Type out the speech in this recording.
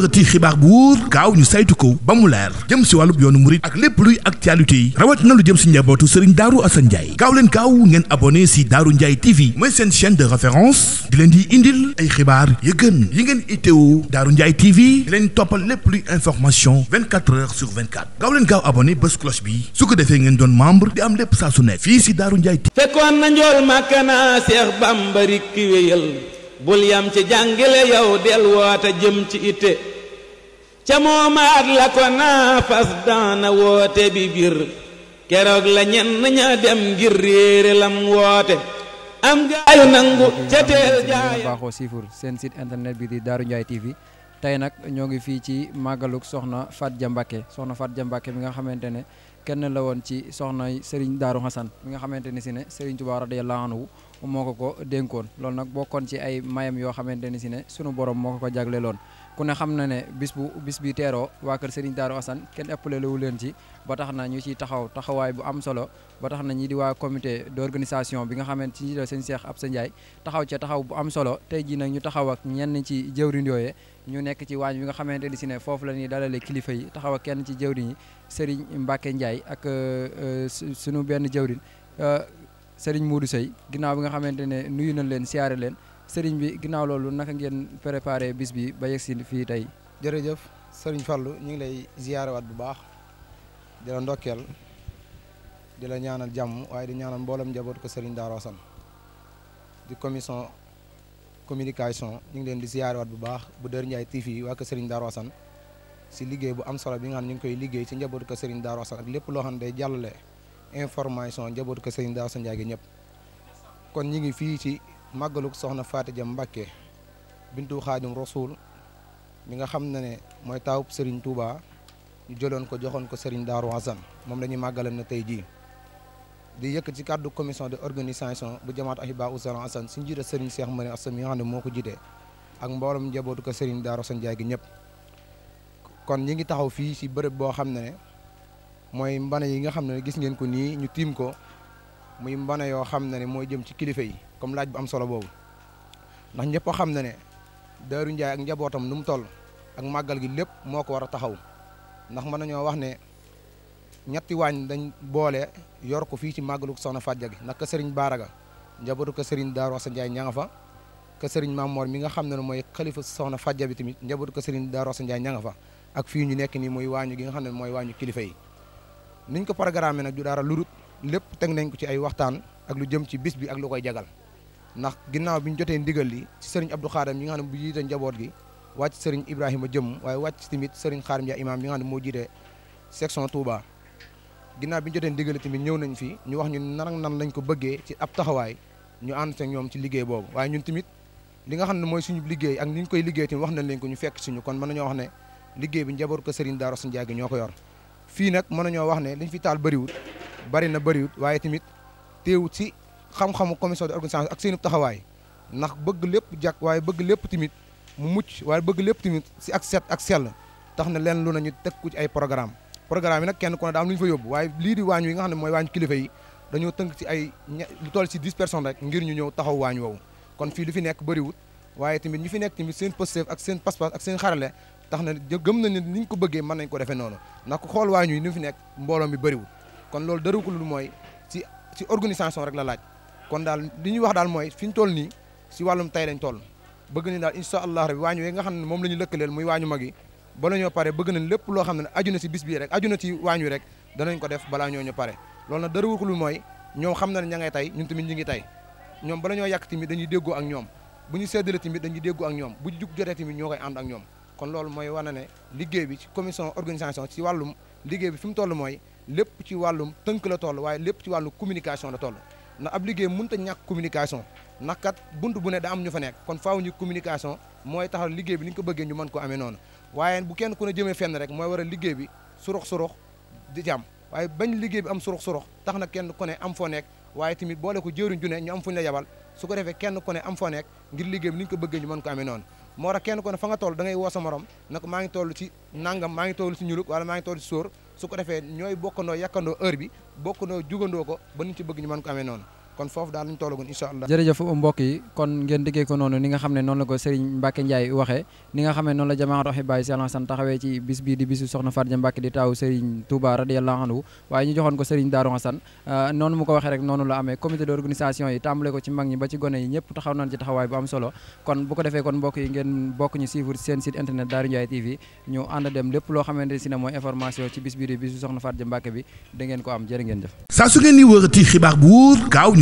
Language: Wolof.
ëti xibaar bu wóor gaaw ñu saytu ko ba mu leer jëm si wàllub yoonu murit ak lépp luy actualité yi rawat na lu jëm si njabootu sëriñ Daaru Asan Njaay gaaw gaaw ngeen abonné si Daaru Njaay TV mooy seen chaîne de référence di leen di indil ay xibaar yu yi ngeen itteewu Daaru Njaay TV di leen toppal lépp luy information heures sur 24 gaaw leen bés cloche bi su ko defee ngeen doon membre di am lépp saa su fii si Daaru Njaay TV bul yam ci jàngile yow del woote jëm ci itte ca moomaat la ko naa daana woote bi bir keroog la ñenn ña dem ngir réere lam woote am gaayu nangu ca teel jaay seen site internet bi di Darou Ndiaye TV tey nag ñoo ngi fii ci màggaluk soxna Faty Dia Mbacké soxna Faty Dia Mbacké mi nga xamante ne kenn la woon ci soxna Serigne Darou Hassane mi nga xamante ne si ne Serigne Touba radiyallahu anhu moo ko ko dénkoon loolu nag bokkoon ci ay mayam yoo xamante ni si ne sunu borom moo ko ko jagleeloon ku ne xam na ne bis bu bis bi teeroo waa kër Serigne Darou Assane kenn ëppale lewu leen ci ba tax na ñu ciy taxaw taxawaay bu am solo ba tax na ñi di waa comité d'organisation bi nga xamante ni njiital seen Cheikh Absa Ndiaye taxaw ca taxaw bu am solo tey jii nag ñu taxaw ak ñenn ci jëwriñ yooye ñu nekk ci waañ bi nga xamante ni si ne foofu la ñuy dalale kilifa yi taxaw ak kenn ci jëwriñ yi Serigne Mbacke Ndiaye ak euh, euh, sunu benn jëwriñ euh, Serigne Modou Seye ginnaaw bi nga xamante ne nuyu nañ leen siyaare leen Serigne bi ginnaaw loolu naka ngeen préparé bis bi ba yegsi fii tey. jërëjëf sëriñ Fallou ñu ngi lay ziyaarewaat bu baax di la ndokkeel di la ñaanal jàmm waaye di ñaanal mboolem njaboot ko Serigne Darou Assane di commission communication ñu ngi leen di ziyaarewaat bu baax bu Dër Ndiaye TV waa ko Serigne Darou Assane si liggéey bu am solo bi nga xam nu ngi koy liggéey ci njaboot ko Serigne Darou lépp loo xam ne day jàllale. information njabootu ko sëriñ Daaru Asan Njaay gi ñëpp kon ñi ngi fii ci màggaluk soxna Faati Dia Mbàkke bintu Xaadim Rasuul mi nga xam ne ne mooy taawub sëriñ Touba ñu jëloon ko joxoon ko sëriñ Daaru moom la ñuy màggalam na tey jii di yëkk ci cadre commission de organisation bu jamaat Ahibaa Ousseyn Assane si njiite sëriñ Cheikh Mane Assane mi nga xam ne moo ko jiite ak mboolem njabootu ko sëriñ Daaru Asan Njaay gi ñëpp ngi taxaw fii si bërëb boo xam ne ne mooy mbana yi nga xam ne gis ngeen ko nii ñu tiim ko muy mbana yoo xam ne ne mooy jëm ci kilifa yi comme laaj bu am solo boobu ndax ñëpp a xam ne ne Daaru Njaay ak njabootam nu mu toll ak màggal gi lépp moo ko war a taxaw ndax mën nañoo wax ne ñetti waañ dañ boole yor ko fii ci màggalu soxna Fàjja gi ndax sëriñ Baaraga njabootu ka sëriñ Daaru Wasa Njaay ña nga fa ka sëriñ Mamoor mi nga xam ne mooy xalifa soxna Fàjja bi tamit njabootu ka sëriñ Daaru Wasa Njaay ña nga fa ak fii ñu nekk nii mooy waañu gi nga xam ne mooy waañu kilifa yi niñ ko programme nag du dara lurut lépp teg nañ ko ci ay waxtaan ak lu jëm ci bis bi ak lu koy jagal ndax ginnaaw bi ñu jotee ndigal li ci sëriñ Abdou Khadam yi nga xam ne bu jiite njaboot gi wàcc sëriñ Ibrahima jëm waaye wàcc tamit sëriñ Xaarim Dia imaam yi nga xam ne moo jiite section Touba ginnaaw bi ñu jotee ndigal tamit ñëw nañ fi ñu wax ñu nan nan lañ ko bëggee ci ab taxawaay ñu ànd ak ñoom ci liggéey boobu waaye ñun tamit li nga xam ne mooy suñu liggéey ak ni ñu koy liggéey tamit wax nañ leen ko ñu fekk suñu kon mën nañoo wax ne liggéey bi njaboot ko sëriñ Darou Ndiaye ñoo ko yor fii nag mën ñoo wax ne ñu fi taal bëriwut bëri na bëriwut waaye tamit teewut si xam-xamu commission d'organisation ak seen taxawaay ndax bëgg lépp jàkk waaye bëgg lépp tamit mu mucc waaye bëgg lépp tamit si ak set ak sell tax na leen lu nañu teg ku ci ay programme programme yi kenn ku ne daa am yóbbu waaye lii waañ wi nga xam ne mooy waañ kilifa yi dañoo tënk ci ay lu toll si dix personnes rek ngir ñu ñëw taxaw waañ woowu kon fii lu fi nekk bëriwut waaye tamit ñu fi nekk tamit seen positif ak seen pas ak seen xarale tax na gëm nañ ne ni ñu ko bëggee mën nañ ko defee noonu ndax ku xool waa ñuy ni mu fi nekk mbooloo mi bëriwul kon loolu dara ko lu mooy ci ci organisation rek la laaj kon daal li ñuy wax daal mooy fi ñu toll nii si wàllum tey lañ toll bëgg nañ daal incha allah rabi waañu yi nga xam ne moom la ñu lëkkaleel muy waañu mag yi bala ñoo pare bëgg nañ lépp loo xam ne aju na si bis bii rek aju na ci waañu rek danañ ko def balaa ñoo ñu pare loolu nag dara ko lu mooy ñoom xam na ne ña ngay tey ñun tamit ñi ngi tey ñoom bala ñoo yàq tamit dañuy déggoo ak ñoom bu ñu seddale tamit dañuy déggoo ak ñoom bu jug jotee tamit ñoo koy ànd ak ñoom kon loolu mooy wane ne liggéey bi ci commission organisation ci wàllum liggéey bi fi mu toll mooy lépp ci wàllum tënk la toll waaye lépp ci wàllu communication la toll ndax ab liggéey mënut a ñàkk communication nakat bunt bu ne da am ñu fa nekk kon faaw ñu communication mooy tax liggéey bi ni ñu ko bëggee ñu mën ko amee noonu waaye bu kenn ku ne jëmee fenn rek mooy war a liggéey bi surux surux di ci am waaye bañ liggéey bi am surux surux tax na kenn ku ne am foo nekk waaye tamit boole ko jëriñ ju ne ñu fu ñu su ko defee kenn ku ne am nekk ngir liggéey bi ñu ko bëggee ñu mën ko amee moo tax kenn ko ne fa nga toll da ngay woo na maa ngi ci nangam maa ngi toll ci ñuluk wala maa ngi toll ci sóor su ko defee ñooy bokkandoo yàkkandoo heure bi bokkandoo jugandoo ko ba ñu ci bëgg ñu mën ko amee noonu kon foofu daal lañ tollagoon incha allah. jërëjëf mbokk yi kon ngeen déggee ko noonu ni nga xam ne noonu la ko Serigne Mbacke Ndiaye waxee ni nga xam ne noonu la jamaatu Ahibahi Sy Al Hassane taxawee ci bis bii di bisu soxna Faty Mbacke di taaw ko euh, am solo kon bu ko defee ngeen bokk ñu suivre seen site ñu